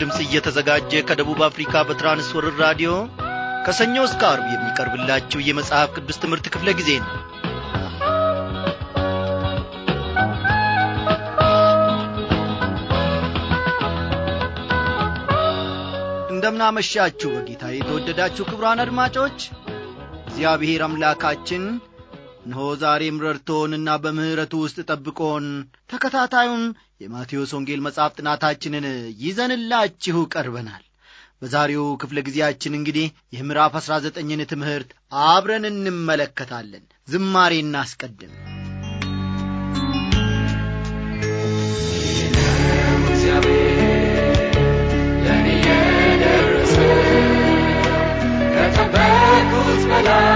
ድምፅ እየተዘጋጀ ከደቡብ አፍሪካ በትራንስወርር ራዲዮ ከሰኞ እስከ አርብ የሚቀርብላችሁ የመጽሐፍ ቅዱስ ትምህርት ክፍለ ጊዜ ነው እንደምናመሻችሁ በጌታ የተወደዳችሁ ክብሯን አድማጮች እግዚአብሔር አምላካችን እነሆ ዛሬም ረድቶንና በምሕረቱ ውስጥ ጠብቆን ተከታታዩን የማቴዎስ ወንጌል መጽሐፍ ጥናታችንን ይዘንላችሁ ቀርበናል። በዛሬው ክፍለ ጊዜያችን እንግዲህ የምዕራፍ ዐሥራ ዘጠኝን ትምህርት አብረን እንመለከታለን። ዝማሬ እናስቀድም። i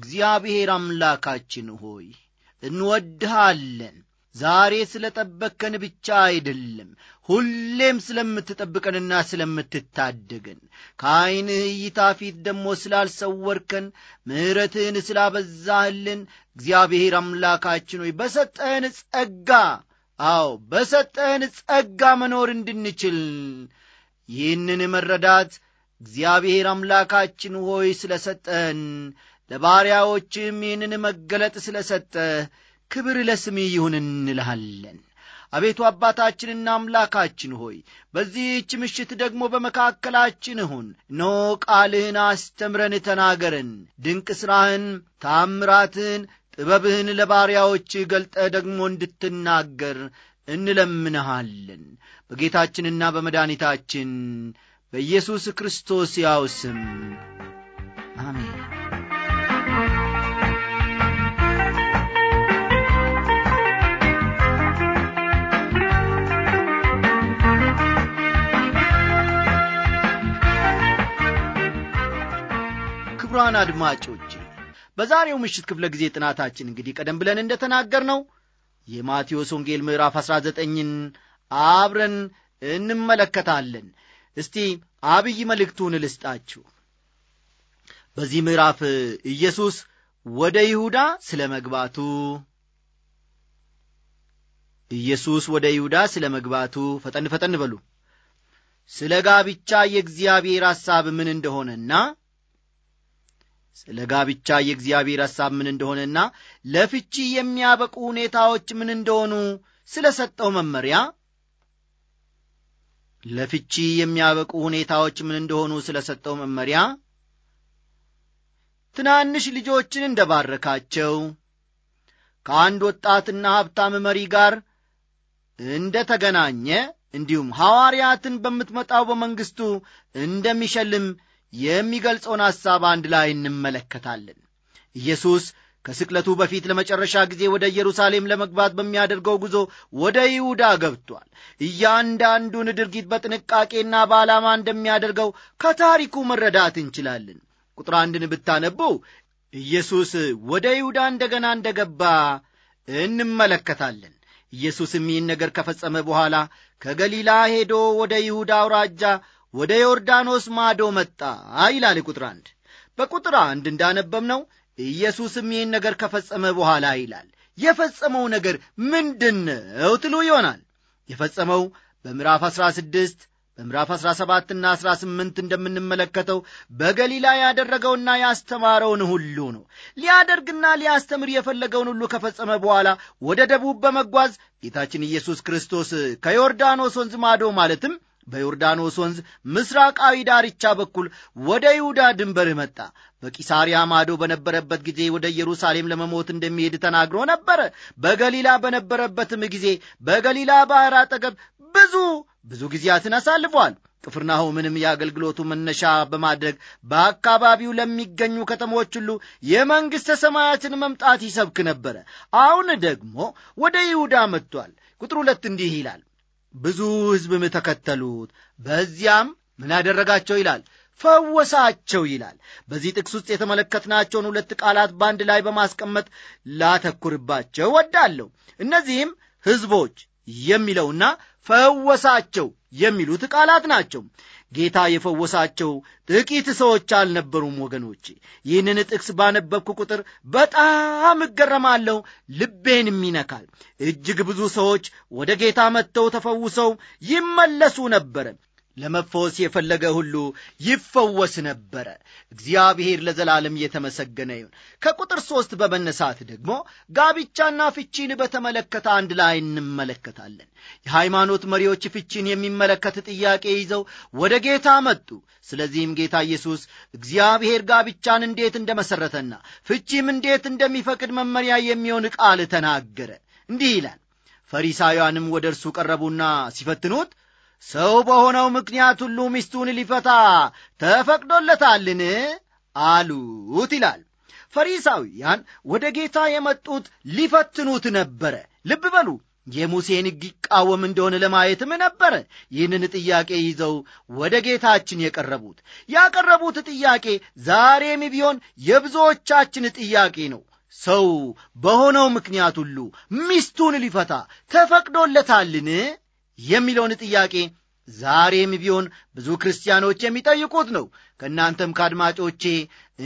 እግዚአብሔር አምላካችን ሆይ እንወድሃለን። ዛሬ ስለ ጠበቅከን ብቻ አይደለም፣ ሁሌም ስለምትጠብቀንና ስለምትታደገን ከዐይንህ እይታ ፊት ደግሞ ስላልሰወርከን ምሕረትህን ስላበዛህልን እግዚአብሔር አምላካችን ሆይ በሰጠህን ጸጋ፣ አዎ በሰጠህን ጸጋ መኖር እንድንችል ይህንን መረዳት እግዚአብሔር አምላካችን ሆይ ስለ ሰጠህን ለባሪያዎችም ይህንን መገለጥ ስለ ሰጠ ክብር ለስሜ ይሁን እንልሃለን። አቤቱ አባታችንና አምላካችን ሆይ በዚህች ምሽት ደግሞ በመካከላችን ሁን። እነሆ ቃልህን አስተምረን ተናገረን ድንቅ ሥራህን፣ ታምራትን ጥበብህን ለባሪያዎች ገልጠ ደግሞ እንድትናገር እንለምንሃለን በጌታችንና በመድኒታችን በኢየሱስ ክርስቶስ ያው ስም አሜን። ክቡራን አድማጮች በዛሬው ምሽት ክፍለ ጊዜ ጥናታችን እንግዲህ ቀደም ብለን እንደተናገር ነው የማቴዎስ ወንጌል ምዕራፍ 19ን አብረን እንመለከታለን እስቲ አብይ መልእክቱን ልስጣችሁ በዚህ ምዕራፍ ኢየሱስ ወደ ይሁዳ ስለ መግባቱ ኢየሱስ ወደ ይሁዳ ስለ መግባቱ ፈጠን ፈጠን በሉ ስለ ጋብቻ የእግዚአብሔር ሐሳብ ምን እንደሆነና ስለ ጋብቻ የእግዚአብሔር ሐሳብ ምን እንደሆነና ለፍቺ የሚያበቁ ሁኔታዎች ምን እንደሆኑ ስለ ሰጠው መመሪያ ለፍቺ የሚያበቁ ሁኔታዎች ምን እንደሆኑ ስለ ሰጠው መመሪያ ትናንሽ ልጆችን እንደ ባረካቸው ከአንድ ወጣትና ሀብታም መሪ ጋር እንደ ተገናኘ እንዲሁም ሐዋርያትን በምትመጣው በመንግሥቱ እንደሚሸልም የሚገልጸውን ሐሳብ አንድ ላይ እንመለከታለን። ኢየሱስ ከስቅለቱ በፊት ለመጨረሻ ጊዜ ወደ ኢየሩሳሌም ለመግባት በሚያደርገው ጉዞ ወደ ይሁዳ ገብቷል። እያንዳንዱን ድርጊት በጥንቃቄና በዓላማ እንደሚያደርገው ከታሪኩ መረዳት እንችላለን። ቁጥር አንድን ብታነበው ኢየሱስ ወደ ይሁዳ እንደገና እንደገባ እንመለከታለን። ኢየሱስም ይህን ነገር ከፈጸመ በኋላ ከገሊላ ሄዶ ወደ ይሁዳ አውራጃ ወደ ዮርዳኖስ ማዶ መጣ ይላል ቁጥር አንድ። በቁጥር አንድ ነው ኢየሱስም ይህን ነገር ከፈጸመ በኋላ ይላል የፈጸመው ነገር ምንድን ነው ትሉ ይሆናል። የፈጸመው በምዕራፍ 16 በምዕራፍ 17ና 18 እንደምንመለከተው በገሊላ ያደረገውና ያስተማረውን ሁሉ ነው። ሊያደርግና ሊያስተምር የፈለገውን ሁሉ ከፈጸመ በኋላ ወደ ደቡብ በመጓዝ ጌታችን ኢየሱስ ክርስቶስ ከዮርዳኖስ ወንዝ ማዶ ማለትም በዮርዳኖስ ወንዝ ምስራቃዊ ዳርቻ በኩል ወደ ይሁዳ ድንበር መጣ። በቂሳሪያ ማዶ በነበረበት ጊዜ ወደ ኢየሩሳሌም ለመሞት እንደሚሄድ ተናግሮ ነበረ። በገሊላ በነበረበትም ጊዜ በገሊላ ባሕር አጠገብ ብዙ ብዙ ጊዜያትን አሳልፏል። ቅፍርናሆምንም የአገልግሎቱ መነሻ በማድረግ በአካባቢው ለሚገኙ ከተሞች ሁሉ የመንግሥተ ሰማያትን መምጣት ይሰብክ ነበረ። አሁን ደግሞ ወደ ይሁዳ መጥቷል። ቁጥር ሁለት እንዲህ ይላል ብዙ ሕዝብም ተከተሉት። በዚያም ምን አደረጋቸው ይላል ፈወሳቸው ይላል። በዚህ ጥቅስ ውስጥ የተመለከትናቸውን ሁለት ቃላት በአንድ ላይ በማስቀመጥ ላተኩርባቸው ወዳለሁ። እነዚህም ሕዝቦች የሚለውና ፈወሳቸው የሚሉት ቃላት ናቸው። ጌታ የፈወሳቸው ጥቂት ሰዎች አልነበሩም። ወገኖቼ ይህንን ጥቅስ ባነበብኩ ቁጥር በጣም እገረማለሁ፣ ልቤንም ይነካል። እጅግ ብዙ ሰዎች ወደ ጌታ መጥተው ተፈውሰው ይመለሱ ነበረ። ለመፈወስ የፈለገ ሁሉ ይፈወስ ነበረ። እግዚአብሔር ለዘላለም እየተመሰገነ ይሁን። ከቁጥር ሦስት በመነሳት ደግሞ ጋብቻና ፍቺን በተመለከተ አንድ ላይ እንመለከታለን። የሃይማኖት መሪዎች ፍቺን የሚመለከት ጥያቄ ይዘው ወደ ጌታ መጡ። ስለዚህም ጌታ ኢየሱስ እግዚአብሔር ጋብቻን እንዴት እንደመሠረተና ፍቺም እንዴት እንደሚፈቅድ መመሪያ የሚሆን ቃል ተናገረ። እንዲህ ይላል። ፈሪሳውያንም ወደ እርሱ ቀረቡና ሲፈትኑት ሰው በሆነው ምክንያት ሁሉ ሚስቱን ሊፈታ ተፈቅዶለታልን? አሉት ይላል። ፈሪሳውያን ወደ ጌታ የመጡት ሊፈትኑት ነበረ። ልብ በሉ የሙሴን ሕግ ይቃወም እንደሆነ ለማየትም ነበረ። ይህንን ጥያቄ ይዘው ወደ ጌታችን የቀረቡት ያቀረቡት ጥያቄ ዛሬም ቢሆን የብዙዎቻችን ጥያቄ ነው። ሰው በሆነው ምክንያት ሁሉ ሚስቱን ሊፈታ ተፈቅዶለታልን የሚለውን ጥያቄ ዛሬም ቢሆን ብዙ ክርስቲያኖች የሚጠይቁት ነው። ከእናንተም ከአድማጮቼ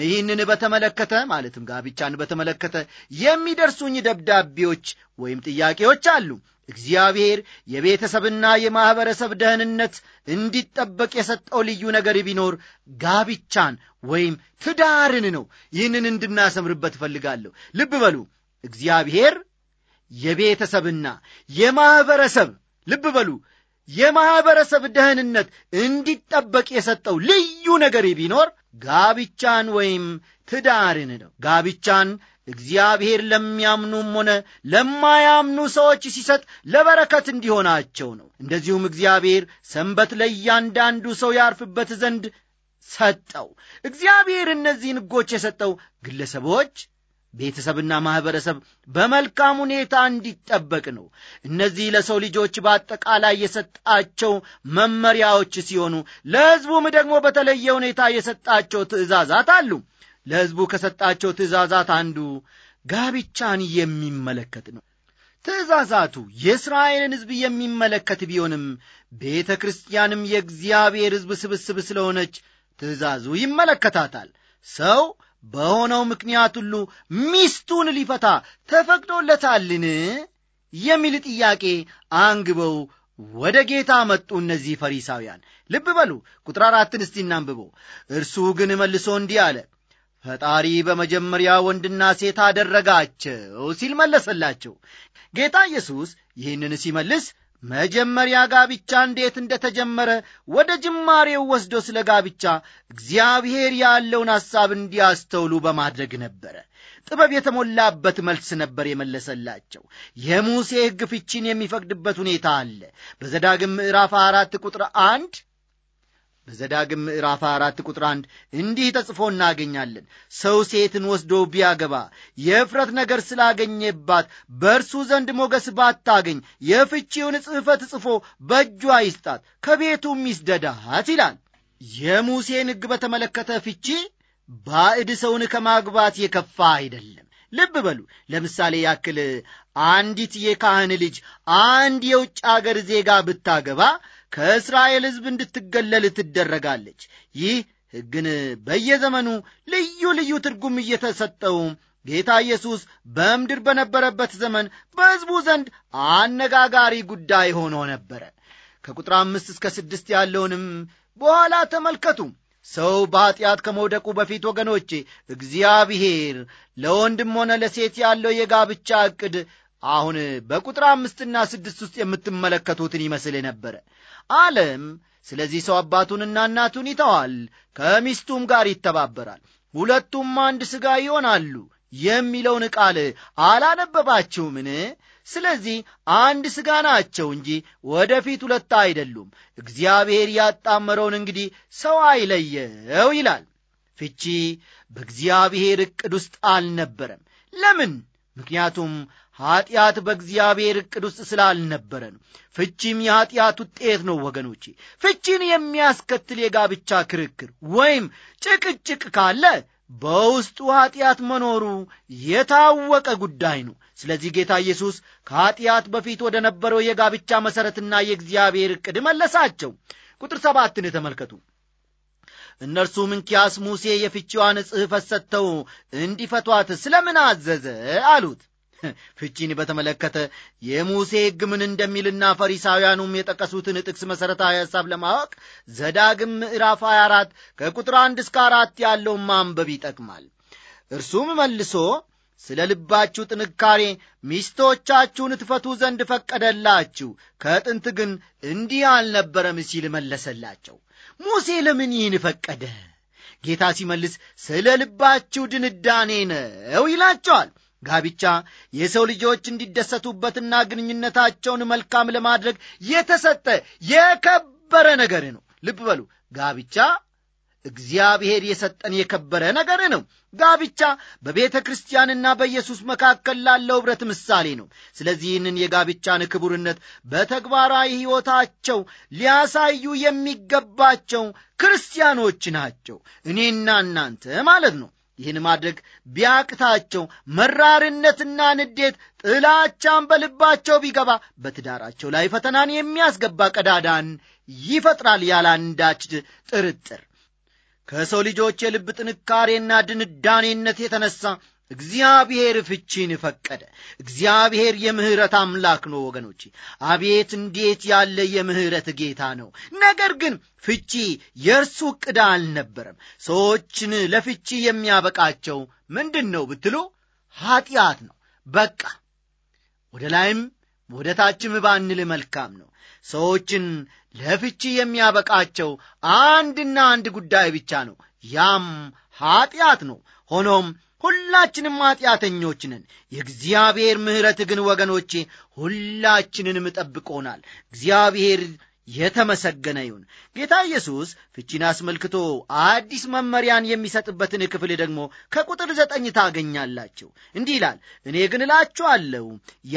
ይህንን በተመለከተ ማለትም ጋብቻን በተመለከተ የሚደርሱኝ ደብዳቤዎች ወይም ጥያቄዎች አሉ። እግዚአብሔር የቤተሰብና የማኅበረሰብ ደህንነት እንዲጠበቅ የሰጠው ልዩ ነገር ቢኖር ጋብቻን ወይም ትዳርን ነው። ይህንን እንድናሰምርበት እፈልጋለሁ። ልብ በሉ፣ እግዚአብሔር የቤተሰብና የማኅበረሰብ ልብ በሉ የማኅበረሰብ ደህንነት እንዲጠበቅ የሰጠው ልዩ ነገር ቢኖር ጋብቻን ወይም ትዳርን ነው። ጋብቻን እግዚአብሔር ለሚያምኑም ሆነ ለማያምኑ ሰዎች ሲሰጥ ለበረከት እንዲሆናቸው ነው። እንደዚሁም እግዚአብሔር ሰንበት ለእያንዳንዱ ሰው ያርፍበት ዘንድ ሰጠው። እግዚአብሔር እነዚህን ሕጎች የሰጠው ግለሰቦች ቤተሰብና ማኅበረሰብ በመልካም ሁኔታ እንዲጠበቅ ነው። እነዚህ ለሰው ልጆች በአጠቃላይ የሰጣቸው መመሪያዎች ሲሆኑ ለሕዝቡም ደግሞ በተለየ ሁኔታ የሰጣቸው ትእዛዛት አሉ። ለሕዝቡ ከሰጣቸው ትእዛዛት አንዱ ጋብቻን የሚመለከት ነው። ትእዛዛቱ የእስራኤልን ሕዝብ የሚመለከት ቢሆንም ቤተ ክርስቲያንም የእግዚአብሔር ሕዝብ ስብስብ ስለሆነች ትእዛዙ ይመለከታታል። ሰው በሆነው ምክንያት ሁሉ ሚስቱን ሊፈታ ተፈቅዶለታልን የሚል ጥያቄ አንግበው ወደ ጌታ መጡ እነዚህ ፈሪሳውያን። ልብ በሉ ቁጥር አራትን እስቲ እናንብቦ እርሱ ግን መልሶ እንዲህ አለ፣ ፈጣሪ በመጀመሪያ ወንድና ሴት አደረጋቸው ሲል መለሰላቸው። ጌታ ኢየሱስ ይህንን ሲመልስ መጀመሪያ ጋብቻ እንዴት እንደ ተጀመረ ወደ ጅማሬው ወስዶ ስለ ጋብቻ እግዚአብሔር ያለውን ሐሳብ እንዲያስተውሉ በማድረግ ነበረ። ጥበብ የተሞላበት መልስ ነበር የመለሰላቸው። የሙሴ ሕግ ፍቺን የሚፈቅድበት ሁኔታ አለ። በዘዳግም ምዕራፍ አራት ቁጥር አንድ በዘዳግም ምዕራፍ አራት ቁጥር አንድ እንዲህ ተጽፎ እናገኛለን። ሰው ሴትን ወስዶ ቢያገባ የእፍረት ነገር ስላገኘባት በእርሱ ዘንድ ሞገስ ባታገኝ የፍቺውን ጽሕፈት ጽፎ በእጇ ይስጣት፣ ከቤቱም ይስደዳት ይላል። የሙሴን ሕግ በተመለከተ ፍቺ ባዕድ ሰውን ከማግባት የከፋ አይደለም። ልብ በሉ። ለምሳሌ ያክል አንዲት የካህን ልጅ አንድ የውጭ አገር ዜጋ ብታገባ ከእስራኤል ሕዝብ እንድትገለል ትደረጋለች። ይህ ሕግን በየዘመኑ ልዩ ልዩ ትርጉም እየተሰጠው ጌታ ኢየሱስ በምድር በነበረበት ዘመን በሕዝቡ ዘንድ አነጋጋሪ ጉዳይ ሆኖ ነበረ። ከቁጥር አምስት እስከ ስድስት ያለውንም በኋላ ተመልከቱ። ሰው በኀጢአት ከመውደቁ በፊት ወገኖቼ፣ እግዚአብሔር ለወንድም ሆነ ለሴት ያለው የጋብቻ ዕቅድ አሁን በቁጥር አምስትና ስድስት ውስጥ የምትመለከቱትን ይመስል ነበረ። አለም ስለዚህ ሰው አባቱንና እናቱን ይተዋል፣ ከሚስቱም ጋር ይተባበራል፣ ሁለቱም አንድ ሥጋ ይሆናሉ የሚለውን ቃል አላነበባችሁምን? ስለዚህ አንድ ሥጋ ናቸው እንጂ ወደፊት ሁለት አይደሉም። እግዚአብሔር ያጣመረውን እንግዲህ ሰው አይለየው ይላል። ፍቺ በእግዚአብሔር ዕቅድ ውስጥ አልነበረም። ለምን? ምክንያቱም ኀጢአት በእግዚአብሔር ዕቅድ ውስጥ ስላልነበረ ነው። ፍቺም የኀጢአት ውጤት ነው ወገኖቼ። ፍቺን የሚያስከትል የጋብቻ ክርክር ወይም ጭቅጭቅ ካለ በውስጡ ኀጢአት መኖሩ የታወቀ ጉዳይ ነው። ስለዚህ ጌታ ኢየሱስ ከኀጢአት በፊት ወደ ነበረው የጋብቻ መሠረትና የእግዚአብሔር ዕቅድ መለሳቸው። ቁጥር ሰባትን የተመልከቱ እነርሱም እንኪያስ ሙሴ የፍቺዋን ጽሕፈት ሰጥተው እንዲፈቷት ስለምን አዘዘ አሉት። ፍቺን በተመለከተ የሙሴ ሕግ ምን እንደሚልና ፈሪሳውያኑም የጠቀሱትን ጥቅስ መሠረታዊ ሐሳብ ለማወቅ ዘዳግም ምዕራፍ 24 ከቁጥር አንድ እስከ አራት ያለውን ማንበብ ይጠቅማል። እርሱም መልሶ ስለ ልባችሁ ጥንካሬ ሚስቶቻችሁን ትፈቱ ዘንድ ፈቀደላችሁ፣ ከጥንት ግን እንዲህ አልነበረም ሲል መለሰላቸው። ሙሴ ለምን ይህን ፈቀደ? ጌታ ሲመልስ ስለ ልባችሁ ድንዳኔ ነው ይላቸዋል። ጋብቻ የሰው ልጆች እንዲደሰቱበትና ግንኙነታቸውን መልካም ለማድረግ የተሰጠ የከበረ ነገር ነው። ልብ በሉ፣ ጋብቻ እግዚአብሔር የሰጠን የከበረ ነገር ነው። ጋብቻ በቤተ ክርስቲያንና በኢየሱስ መካከል ላለው ኅብረት ምሳሌ ነው። ስለዚህ ይህንን የጋብቻን ክቡርነት በተግባራዊ ሕይወታቸው ሊያሳዩ የሚገባቸው ክርስቲያኖች ናቸው፣ እኔና እናንተ ማለት ነው። ይህን ማድረግ ቢያቅታቸው መራርነትና ንዴት፣ ጥላቻን በልባቸው ቢገባ በትዳራቸው ላይ ፈተናን የሚያስገባ ቀዳዳን ይፈጥራል ያላንዳች ጥርጥር ከሰው ልጆች የልብ ጥንካሬና ድንዳኔነት የተነሳ እግዚአብሔር ፍቺን ፈቀደ። እግዚአብሔር የምሕረት አምላክ ነው ወገኖቼ። አቤት እንዴት ያለ የምሕረት ጌታ ነው! ነገር ግን ፍቺ የእርሱ ዕቅድ አልነበረም። ሰዎችን ለፍቺ የሚያበቃቸው ምንድን ነው ብትሉ ኀጢአት ነው። በቃ ወደ ላይም ወደ ታችም ባንል መልካም ነው። ሰዎችን ለፍቺ የሚያበቃቸው አንድና አንድ ጉዳይ ብቻ ነው፣ ያም ኀጢአት ነው። ሆኖም ሁላችንም ኀጢአተኞች ነን። የእግዚአብሔር ምሕረት ግን ወገኖቼ ሁላችንንም ጠብቆናል። እግዚአብሔር የተመሰገነ ይሁን። ጌታ ኢየሱስ ፍቺን አስመልክቶ አዲስ መመሪያን የሚሰጥበትን ክፍል ደግሞ ከቁጥር ዘጠኝ ታገኛላችሁ። እንዲህ ይላል፣ እኔ ግን እላችኋለሁ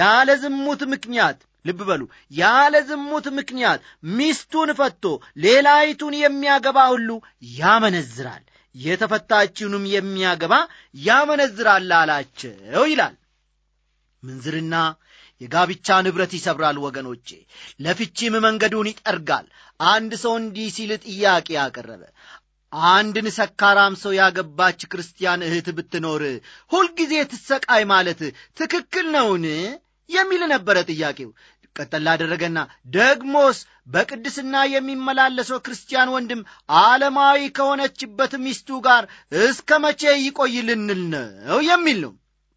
ያለ ዝሙት ምክንያት ልብ በሉ፣ ያለ ዝሙት ምክንያት ሚስቱን ፈቶ ሌላይቱን የሚያገባ ሁሉ ያመነዝራል የተፈታችውንም የሚያገባ ያመነዝራል አላቸው ይላል። ምንዝርና የጋብቻ ንብረት ይሰብራል። ወገኖቼ ለፍቺም መንገዱን ይጠርጋል። አንድ ሰው እንዲህ ሲል ጥያቄ አቀረበ። አንድን ሰካራም ሰው ያገባች ክርስቲያን እህት ብትኖር ሁልጊዜ ትሰቃይ ማለት ትክክል ነውን? የሚል ነበረ ጥያቄው። ቀጠል ላደረገና ደግሞስ በቅድስና የሚመላለሰው ክርስቲያን ወንድም ዓለማዊ ከሆነችበት ሚስቱ ጋር እስከ መቼ ይቆይ ልንል ነው የሚል ነው።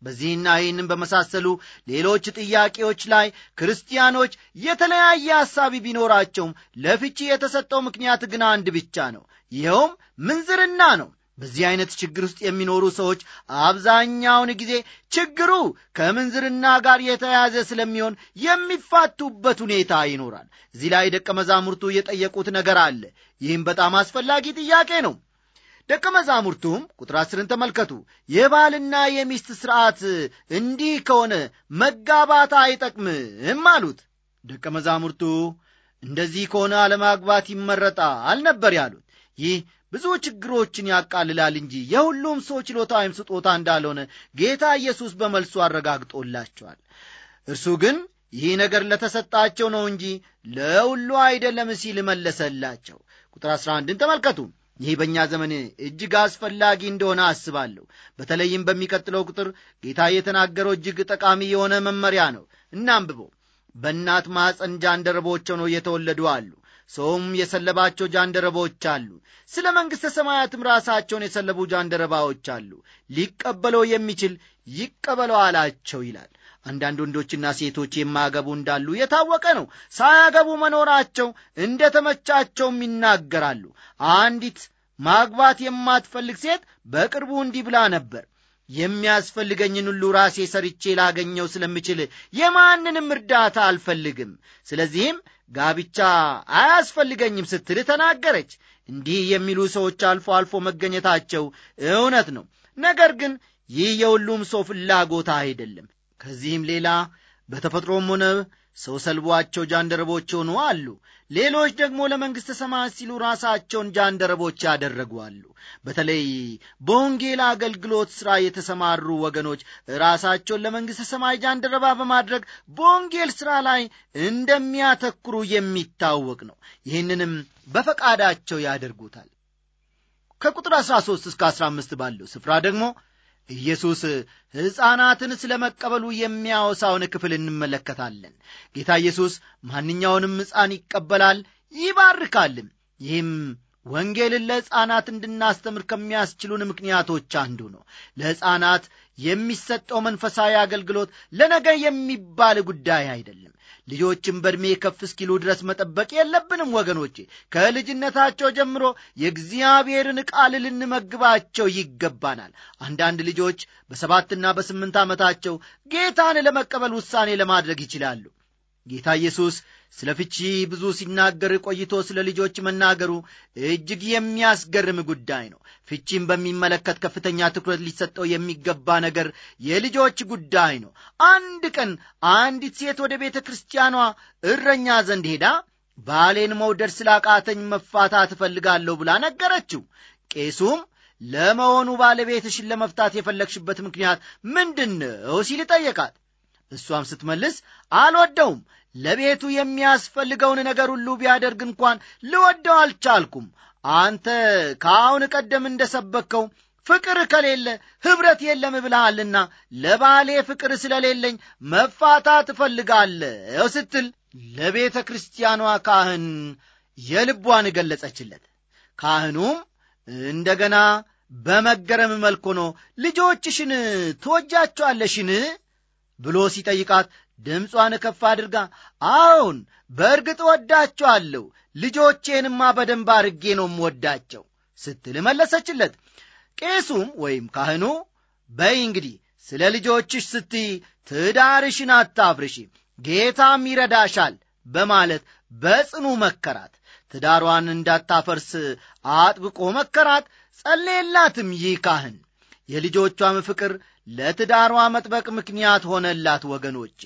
በዚህና ይህንም በመሳሰሉ ሌሎች ጥያቄዎች ላይ ክርስቲያኖች የተለያየ ሐሳቢ ቢኖራቸውም ለፍቺ የተሰጠው ምክንያት ግን አንድ ብቻ ነው። ይኸውም ምንዝርና ነው። በዚህ አይነት ችግር ውስጥ የሚኖሩ ሰዎች አብዛኛውን ጊዜ ችግሩ ከምንዝርና ጋር የተያዘ ስለሚሆን የሚፋቱበት ሁኔታ ይኖራል። እዚህ ላይ ደቀ መዛሙርቱ የጠየቁት ነገር አለ። ይህም በጣም አስፈላጊ ጥያቄ ነው። ደቀ መዛሙርቱም ቁጥር አስርን ተመልከቱ። የባልና የሚስት ሥርዓት እንዲህ ከሆነ መጋባት አይጠቅምም አሉት። ደቀ መዛሙርቱ እንደዚህ ከሆነ አለማግባት ይመረጣል ነበር ያሉት። ይህ ብዙ ችግሮችን ያቃልላል እንጂ የሁሉም ሰው ችሎታ ወይም ስጦታ እንዳልሆነ ጌታ ኢየሱስ በመልሱ አረጋግጦላቸዋል። እርሱ ግን ይህ ነገር ለተሰጣቸው ነው እንጂ ለሁሉ አይደለም ሲል መለሰላቸው። ቁጥር 11ን ተመልከቱ። ይህ በእኛ ዘመን እጅግ አስፈላጊ እንደሆነ አስባለሁ። በተለይም በሚቀጥለው ቁጥር ጌታ የተናገረው እጅግ ጠቃሚ የሆነ መመሪያ ነው። እናንብበው። በእናት ማፀንጃ ጃንደረቦች ሆነው የተወለዱ አሉ ሰውም የሰለባቸው ጃንደረባዎች አሉ። ስለ መንግሥተ ሰማያትም ራሳቸውን የሰለቡ ጃንደረባዎች አሉ። ሊቀበለው የሚችል ይቀበለው አላቸው ይላል። አንዳንድ ወንዶችና ሴቶች የማያገቡ እንዳሉ የታወቀ ነው። ሳያገቡ መኖራቸው እንደ ተመቻቸውም ይናገራሉ። አንዲት ማግባት የማትፈልግ ሴት በቅርቡ እንዲህ ብላ ነበር የሚያስፈልገኝን ሁሉ ራሴ ሰርቼ ላገኘው ስለምችል የማንንም እርዳታ አልፈልግም። ስለዚህም ጋብቻ አያስፈልገኝም ስትል ተናገረች። እንዲህ የሚሉ ሰዎች አልፎ አልፎ መገኘታቸው እውነት ነው። ነገር ግን ይህ የሁሉም ሰው ፍላጎት አይደለም። ከዚህም ሌላ በተፈጥሮም ሆነ ሰው ሰልቧቸው ጃንደረቦች ሆኑ አሉ። ሌሎች ደግሞ ለመንግሥተ ሰማያት ሲሉ ራሳቸውን ጃንደረቦች ያደረጉ አሉ። በተለይ በወንጌል አገልግሎት ሥራ የተሰማሩ ወገኖች ራሳቸውን ለመንግሥተ ሰማይ ጃንደረባ በማድረግ በወንጌል ሥራ ላይ እንደሚያተኩሩ የሚታወቅ ነው። ይህንንም በፈቃዳቸው ያደርጉታል። ከቁጥር 13 እስከ 15 ባለው ስፍራ ደግሞ ኢየሱስ ሕፃናትን ስለ መቀበሉ የሚያወሳውን ክፍል እንመለከታለን። ጌታ ኢየሱስ ማንኛውንም ሕፃን ይቀበላል ይባርካልም። ይህም ወንጌልን ለሕፃናት እንድናስተምር ከሚያስችሉን ምክንያቶች አንዱ ነው። ለሕፃናት የሚሰጠው መንፈሳዊ አገልግሎት ለነገ የሚባል ጉዳይ አይደለም። ልጆችን በእድሜ ከፍ እስኪሉ ድረስ መጠበቅ የለብንም ወገኖቼ። ከልጅነታቸው ጀምሮ የእግዚአብሔርን ቃል ልንመግባቸው ይገባናል። አንዳንድ ልጆች በሰባትና በስምንት ዓመታቸው ጌታን ለመቀበል ውሳኔ ለማድረግ ይችላሉ። ጌታ ኢየሱስ ስለ ፍቺ ብዙ ሲናገር ቆይቶ ስለ ልጆች መናገሩ እጅግ የሚያስገርም ጉዳይ ነው። ፍቺን በሚመለከት ከፍተኛ ትኩረት ሊሰጠው የሚገባ ነገር የልጆች ጉዳይ ነው። አንድ ቀን አንዲት ሴት ወደ ቤተ ክርስቲያኗ እረኛ ዘንድ ሄዳ ባሌን መውደድ ስላቃተኝ መፋታ ትፈልጋለሁ ብላ ነገረችው። ቄሱም ለመሆኑ ባለቤትሽን ለመፍታት የፈለግሽበት ምክንያት ምንድን ነው ሲል ጠየቃት። እሷም ስትመልስ አልወደውም ለቤቱ የሚያስፈልገውን ነገር ሁሉ ቢያደርግ እንኳን ልወደው አልቻልኩም። አንተ ከአሁን ቀደም እንደ ሰበከው ፍቅር ከሌለ ኅብረት የለም ብልሃልና ለባሌ ፍቅር ስለሌለኝ መፋታ ትፈልጋለ ስትል ለቤተ ክርስቲያኗ ካህን የልቧን ገለጸችለት። ካህኑም እንደገና በመገረም መልክ ሆኖ ልጆችሽን ትወጃቸዋለሽን ብሎ ሲጠይቃት ድምጿን ከፍ አድርጋ አዎን፣ በእርግጥ ወዳቸዋለሁ፣ ልጆቼንማ በደንብ አርጌ ነው ምወዳቸው ስትል መለሰችለት። ቄሱም ወይም ካህኑ በይ እንግዲህ ስለ ልጆችሽ ስትይ ትዳርሽን አታፍርሺ፣ ጌታም ይረዳሻል በማለት በጽኑ መከራት። ትዳሯን እንዳታፈርስ አጥብቆ መከራት፣ ጸሌላትም ይህ ካህን የልጆቿም ፍቅር ለትዳሯ መጥበቅ ምክንያት ሆነላት። ወገኖቼ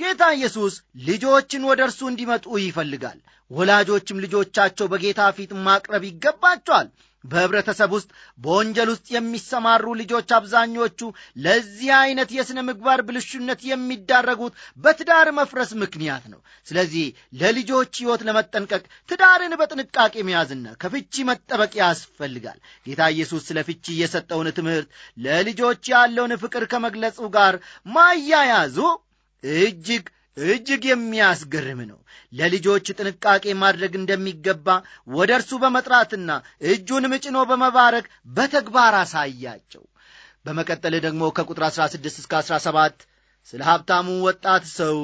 ጌታ ኢየሱስ ልጆችን ወደ እርሱ እንዲመጡ ይፈልጋል። ወላጆችም ልጆቻቸው በጌታ ፊት ማቅረብ ይገባቸዋል። በኅብረተሰብ ውስጥ በወንጀል ውስጥ የሚሰማሩ ልጆች አብዛኞቹ ለዚህ ዐይነት የሥነ ምግባር ብልሹነት የሚዳረጉት በትዳር መፍረስ ምክንያት ነው። ስለዚህ ለልጆች ሕይወት ለመጠንቀቅ ትዳርን በጥንቃቄ መያዝና ከፍቺ መጠበቅ ያስፈልጋል። ጌታ ኢየሱስ ስለ ፍቺ የሰጠውን ትምህርት ለልጆች ያለውን ፍቅር ከመግለጹ ጋር ማያያዙ እጅግ እጅግ የሚያስገርም ነው። ለልጆች ጥንቃቄ ማድረግ እንደሚገባ ወደ እርሱ በመጥራትና እጁን ምጭኖ በመባረክ በተግባር አሳያቸው። በመቀጠል ደግሞ ከቁጥር 16 እስከ 17 ስለ ሀብታሙ ወጣት ሰው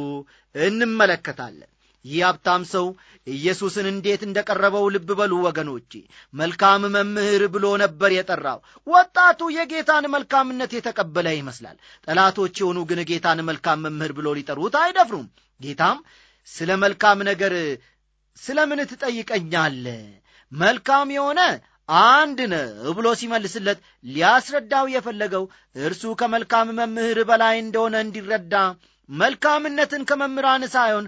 እንመለከታለን። ይህ ሀብታም ሰው ኢየሱስን እንዴት እንደ ቀረበው ልብ በሉ ወገኖቼ። መልካም መምህር ብሎ ነበር የጠራው። ወጣቱ የጌታን መልካምነት የተቀበለ ይመስላል። ጠላቶች የሆኑ ግን ጌታን መልካም መምህር ብሎ ሊጠሩት አይደፍሩም። ጌታም ስለ መልካም ነገር ስለ ምን ትጠይቀኛለ? መልካም የሆነ አንድ ነው ብሎ ሲመልስለት ሊያስረዳው የፈለገው እርሱ ከመልካም መምህር በላይ እንደሆነ እንዲረዳ መልካምነትን ከመምህራን ሳይሆን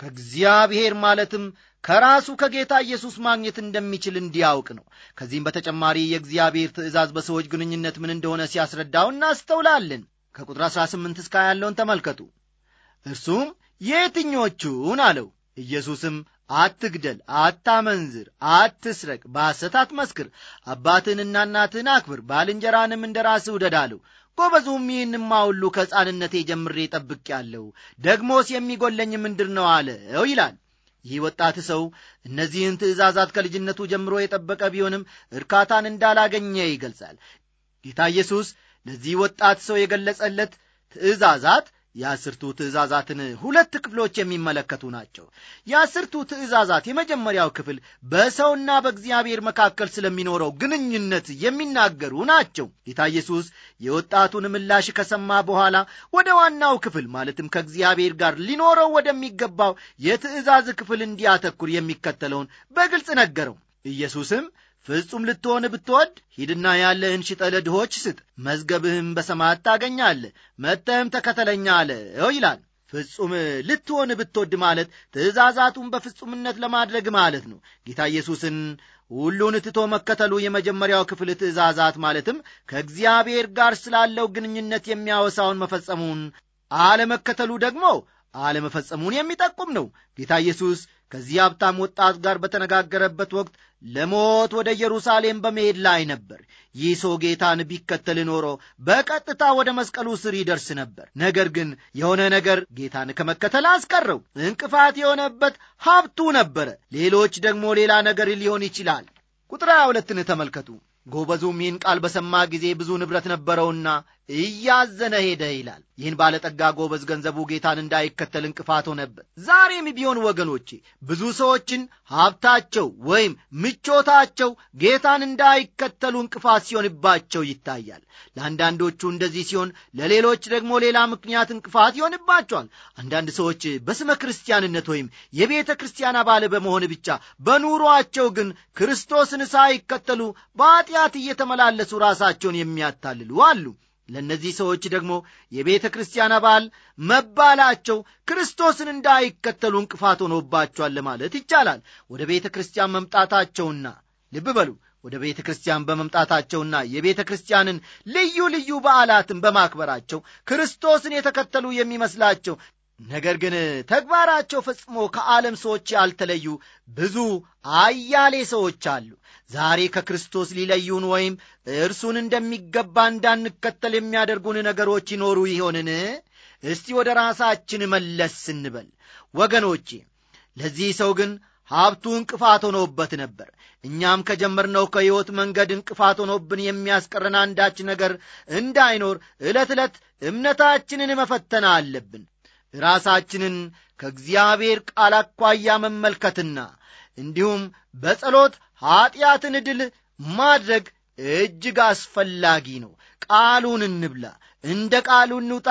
ከእግዚአብሔር ማለትም ከራሱ ከጌታ ኢየሱስ ማግኘት እንደሚችል እንዲያውቅ ነው። ከዚህም በተጨማሪ የእግዚአብሔር ትእዛዝ በሰዎች ግንኙነት ምን እንደሆነ ሲያስረዳው እናስተውላለን። ከቁጥር 18 እስከ ያለውን ተመልከቱ። እርሱም የትኞቹን አለው። ኢየሱስም አትግደል፣ አታመንዝር፣ አትስረቅ፣ በሐሰት አትመስክር፣ አባትህንና እናትህን አክብር፣ ባልንጀራንም እንደ ራስህ ውደድ አለው። ጎበዙም ይህንማ ሁሉ ከሕፃንነቴ ጀምሬ ያለው ደግሞስ የሚጎለኝ ምንድር ነው አለው ይላል። ይህ ወጣት ሰው እነዚህን ትእዛዛት ከልጅነቱ ጀምሮ የጠበቀ ቢሆንም እርካታን እንዳላገኘ ይገልጻል። ጌታ ኢየሱስ ለዚህ ወጣት ሰው የገለጸለት ትእዛዛት የአስርቱ ትእዛዛትን ሁለት ክፍሎች የሚመለከቱ ናቸው። የአስርቱ ትእዛዛት የመጀመሪያው ክፍል በሰውና በእግዚአብሔር መካከል ስለሚኖረው ግንኙነት የሚናገሩ ናቸው። ጌታ ኢየሱስ የወጣቱን ምላሽ ከሰማ በኋላ ወደ ዋናው ክፍል ማለትም ከእግዚአብሔር ጋር ሊኖረው ወደሚገባው የትእዛዝ ክፍል እንዲያተኩር የሚከተለውን በግልጽ ነገረው። ኢየሱስም ፍጹም ልትሆን ብትወድ ሂድና ያለህን ሽጠህ ለድሆች ስጥ፣ መዝገብህም በሰማት ታገኛለህ፣ መጥተህም ተከተለኛ አለው ይላል። ፍጹም ልትሆን ብትወድ ማለት ትእዛዛቱን በፍጹምነት ለማድረግ ማለት ነው። ጌታ ኢየሱስን ሁሉን ትቶ መከተሉ የመጀመሪያው ክፍል ትእዛዛት ማለትም ከእግዚአብሔር ጋር ስላለው ግንኙነት የሚያወሳውን መፈጸሙን፣ አለመከተሉ ደግሞ አለመፈጸሙን የሚጠቁም ነው። ጌታ ኢየሱስ ከዚህ ሀብታም ወጣት ጋር በተነጋገረበት ወቅት ለሞት ወደ ኢየሩሳሌም በመሄድ ላይ ነበር። ይህ ሰው ጌታን ቢከተል ኖሮ በቀጥታ ወደ መስቀሉ ስር ይደርስ ነበር። ነገር ግን የሆነ ነገር ጌታን ከመከተል አስቀረው። እንቅፋት የሆነበት ሀብቱ ነበረ። ሌሎች ደግሞ ሌላ ነገር ሊሆን ይችላል። ቁጥር ሃያ ሁለትን ተመልከቱ። ጎበዙም ይህን ቃል በሰማ ጊዜ ብዙ ንብረት ነበረውና እያዘነ ሄደ ይላል። ይህን ባለጠጋ ጎበዝ ገንዘቡ ጌታን እንዳይከተል እንቅፋት ሆነበት። ዛሬም ቢሆን ወገኖቼ ብዙ ሰዎችን ሀብታቸው ወይም ምቾታቸው ጌታን እንዳይከተሉ እንቅፋት ሲሆንባቸው ይታያል። ለአንዳንዶቹ እንደዚህ ሲሆን፣ ለሌሎች ደግሞ ሌላ ምክንያት እንቅፋት ይሆንባቸዋል። አንዳንድ ሰዎች በስመ ክርስቲያንነት ወይም የቤተ ክርስቲያን አባል በመሆን ብቻ በኑሯቸው ግን ክርስቶስን ሳይከተሉ በኃጢአት እየተመላለሱ ራሳቸውን የሚያታልሉ አሉ። ለእነዚህ ሰዎች ደግሞ የቤተ ክርስቲያን አባል መባላቸው ክርስቶስን እንዳይከተሉ እንቅፋት ሆኖባቸዋል ለማለት ይቻላል። ወደ ቤተ ክርስቲያን መምጣታቸውና ልብ በሉ ወደ ቤተ ክርስቲያን በመምጣታቸውና የቤተ ክርስቲያንን ልዩ ልዩ በዓላትን በማክበራቸው ክርስቶስን የተከተሉ የሚመስላቸው ነገር ግን ተግባራቸው ፈጽሞ ከዓለም ሰዎች ያልተለዩ ብዙ አያሌ ሰዎች አሉ። ዛሬ ከክርስቶስ ሊለዩን ወይም እርሱን እንደሚገባ እንዳንከተል የሚያደርጉን ነገሮች ይኖሩ ይሆንን? እስቲ ወደ ራሳችን መለስ ስንበል ወገኖቼ። ለዚህ ሰው ግን ሀብቱ እንቅፋት ሆኖበት ነበር። እኛም ከጀመርነው ከሕይወት መንገድ እንቅፋት ሆኖብን የሚያስቀረን አንዳች ነገር እንዳይኖር ዕለት ዕለት እምነታችንን መፈተን አለብን። ራሳችንን ከእግዚአብሔር ቃል አኳያ መመልከትና እንዲሁም በጸሎት ኀጢአትን ድል ማድረግ እጅግ አስፈላጊ ነው። ቃሉን እንብላ፣ እንደ ቃሉ እንውጣ፣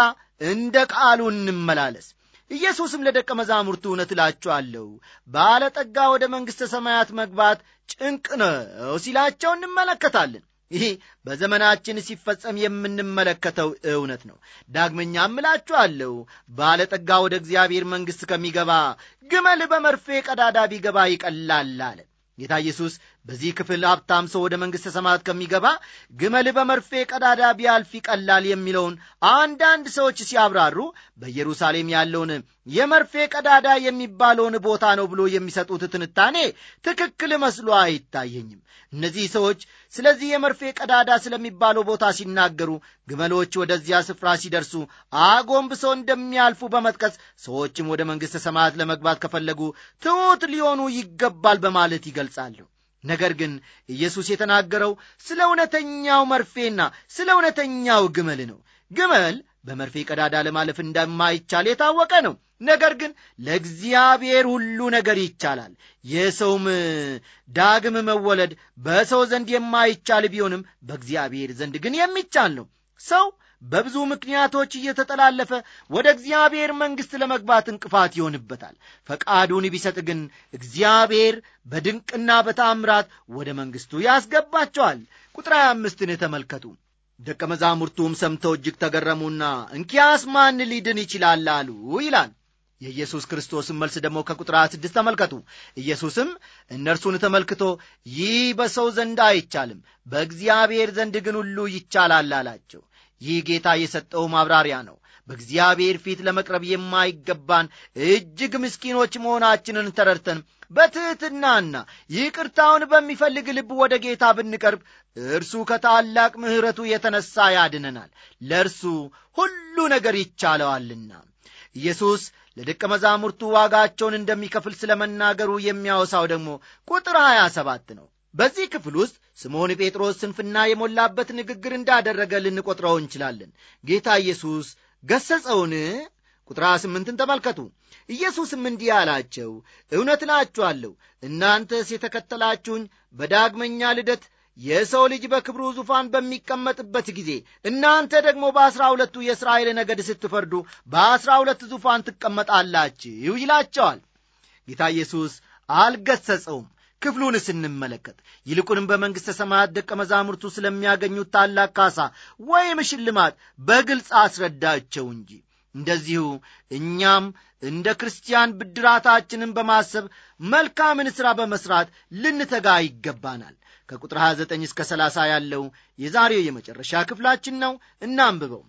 እንደ ቃሉ እንመላለስ። ኢየሱስም ለደቀ መዛሙርቱ እውነት እላችኋለሁ ባለጠጋ ወደ መንግሥተ ሰማያት መግባት ጭንቅ ነው ሲላቸው እንመለከታለን። ይህ በዘመናችን ሲፈጸም የምንመለከተው እውነት ነው። ዳግመኛ እምላችኋለሁ ባለጠጋ ወደ እግዚአብሔር መንግሥት ከሚገባ ግመል በመርፌ ቀዳዳ ቢገባ ይቀላል አለ ጌታ ኢየሱስ በዚህ ክፍል ሀብታም ሰው ወደ መንግሥተ ሰማት ከሚገባ ግመል በመርፌ ቀዳዳ ቢያልፍ ይቀላል የሚለውን አንዳንድ ሰዎች ሲያብራሩ በኢየሩሳሌም ያለውን የመርፌ ቀዳዳ የሚባለውን ቦታ ነው ብሎ የሚሰጡት ትንታኔ ትክክል መስሎ አይታየኝም። እነዚህ ሰዎች ስለዚህ የመርፌ ቀዳዳ ስለሚባለው ቦታ ሲናገሩ ግመሎች ወደዚያ ስፍራ ሲደርሱ አጎንብሰው እንደሚያልፉ በመጥቀስ ሰዎችም ወደ መንግሥተ ሰማያት ለመግባት ከፈለጉ ትሑት ሊሆኑ ይገባል በማለት ይገልጻሉ። ነገር ግን ኢየሱስ የተናገረው ስለ እውነተኛው መርፌና ስለ እውነተኛው ግመል ነው። ግመል በመርፌ ቀዳዳ ለማለፍ እንደማይቻል የታወቀ ነው። ነገር ግን ለእግዚአብሔር ሁሉ ነገር ይቻላል። የሰውም ዳግም መወለድ በሰው ዘንድ የማይቻል ቢሆንም በእግዚአብሔር ዘንድ ግን የሚቻል ነው። ሰው በብዙ ምክንያቶች እየተጠላለፈ ወደ እግዚአብሔር መንግሥት ለመግባት እንቅፋት ይሆንበታል። ፈቃዱን ቢሰጥ ግን እግዚአብሔር በድንቅና በታምራት ወደ መንግሥቱ ያስገባቸዋል። ቁጥር ሃያ አምስትን ተመልከቱ። ደቀ መዛሙርቱም ሰምተው እጅግ ተገረሙና እንኪያስ ማን ሊድን ይችላል አሉ ይላል። የኢየሱስ ክርስቶስን መልስ ደግሞ ከቁጥር ስድስት ተመልከቱ። ኢየሱስም እነርሱን ተመልክቶ ይህ በሰው ዘንድ አይቻልም፣ በእግዚአብሔር ዘንድ ግን ሁሉ ይቻላል አላቸው። ይህ ጌታ የሰጠው ማብራሪያ ነው። በእግዚአብሔር ፊት ለመቅረብ የማይገባን እጅግ ምስኪኖች መሆናችንን ተረድተን በትሕትናና ይቅርታውን በሚፈልግ ልብ ወደ ጌታ ብንቀርብ እርሱ ከታላቅ ምሕረቱ የተነሣ ያድነናል። ለእርሱ ሁሉ ነገር ይቻለዋልና ኢየሱስ ለደቀ መዛሙርቱ ዋጋቸውን እንደሚከፍል ስለ መናገሩ የሚያወሳው ደግሞ ቁጥር 27 ነው። በዚህ ክፍል ውስጥ ስምዖን ጴጥሮስ ስንፍና የሞላበት ንግግር እንዳደረገ ልንቆጥረው እንችላለን። ጌታ ኢየሱስ ገሰጸውን? ቁጥር 28 ተመልከቱ። ኢየሱስም እንዲህ አላቸው፣ እውነት ላችኋለሁ እናንተስ የተከተላችሁኝ በዳግመኛ ልደት የሰው ልጅ በክብሩ ዙፋን በሚቀመጥበት ጊዜ እናንተ ደግሞ በአስራ ሁለቱ የእስራኤል ነገድ ስትፈርዱ በአስራ ሁለት ዙፋን ትቀመጣላችሁ ይላቸዋል። ጌታ ኢየሱስ አልገሰጸውም ክፍሉን ስንመለከት ይልቁንም በመንግሥተ ሰማያት ደቀ መዛሙርቱ ስለሚያገኙት ታላቅ ካሳ ወይም ሽልማት በግልጽ አስረዳቸው እንጂ እንደዚሁ እኛም እንደ ክርስቲያን ብድራታችንን በማሰብ መልካምን ሥራ በመሥራት ልንተጋ ይገባናል። ከቁጥር 29 እስከ 30 ያለው የዛሬው የመጨረሻ ክፍላችን ነው። እናንብበው።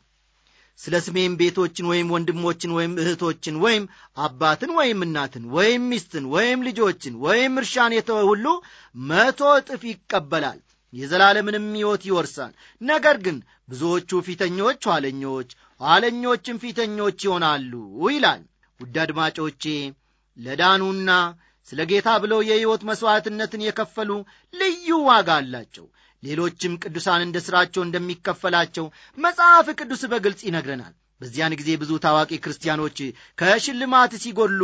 ስለ ስሜም ቤቶችን ወይም ወንድሞችን ወይም እህቶችን ወይም አባትን ወይም እናትን ወይም ሚስትን ወይም ልጆችን ወይም እርሻን የተወ ሁሉ መቶ እጥፍ ይቀበላል የዘላለምንም ሕይወት ይወርሳል። ነገር ግን ብዙዎቹ ፊተኞች ኋለኞች፣ ኋለኞችም ፊተኞች ይሆናሉ ይላል። ውድ አድማጮቼ ለዳኑና ስለ ጌታ ብለው የሕይወት መሥዋዕትነትን የከፈሉ ልዩ ዋጋ አላቸው። ሌሎችም ቅዱሳን እንደ ሥራቸው እንደሚከፈላቸው መጽሐፍ ቅዱስ በግልጽ ይነግረናል። በዚያን ጊዜ ብዙ ታዋቂ ክርስቲያኖች ከሽልማት ሲጎሉ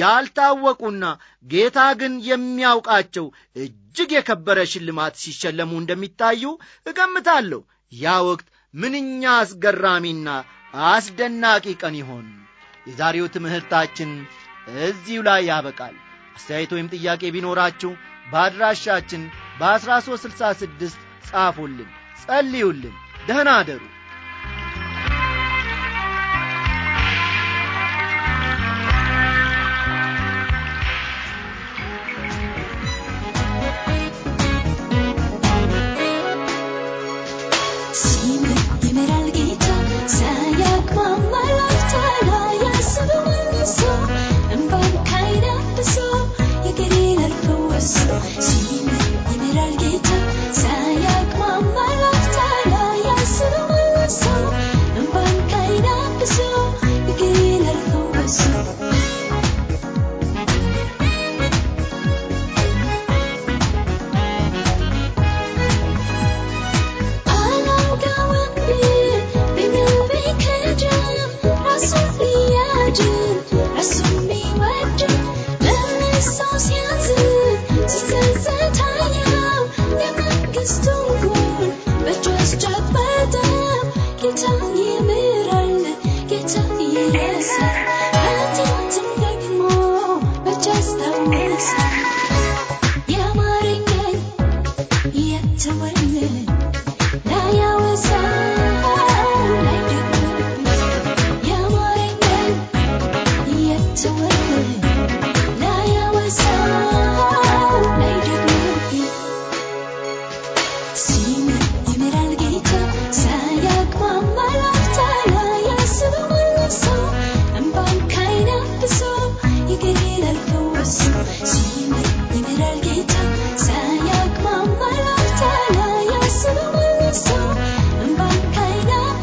ያልታወቁና ጌታ ግን የሚያውቃቸው እጅግ የከበረ ሽልማት ሲሸለሙ እንደሚታዩ እገምታለሁ። ያ ወቅት ምንኛ አስገራሚና አስደናቂ ቀን ይሆን! የዛሬው ትምህርታችን እዚሁ ላይ ያበቃል። አስተያየት ወይም ጥያቄ ቢኖራችሁ በአድራሻችን በ1366 ጻፉልን፣ ጸልዩልን። ደህና አደሩ።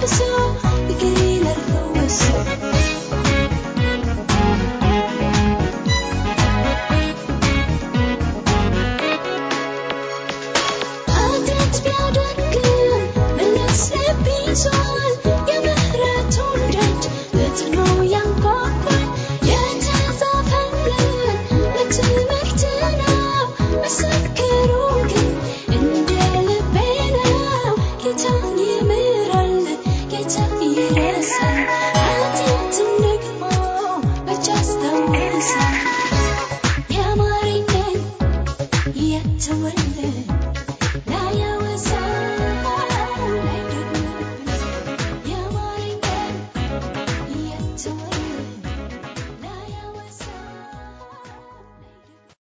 episode.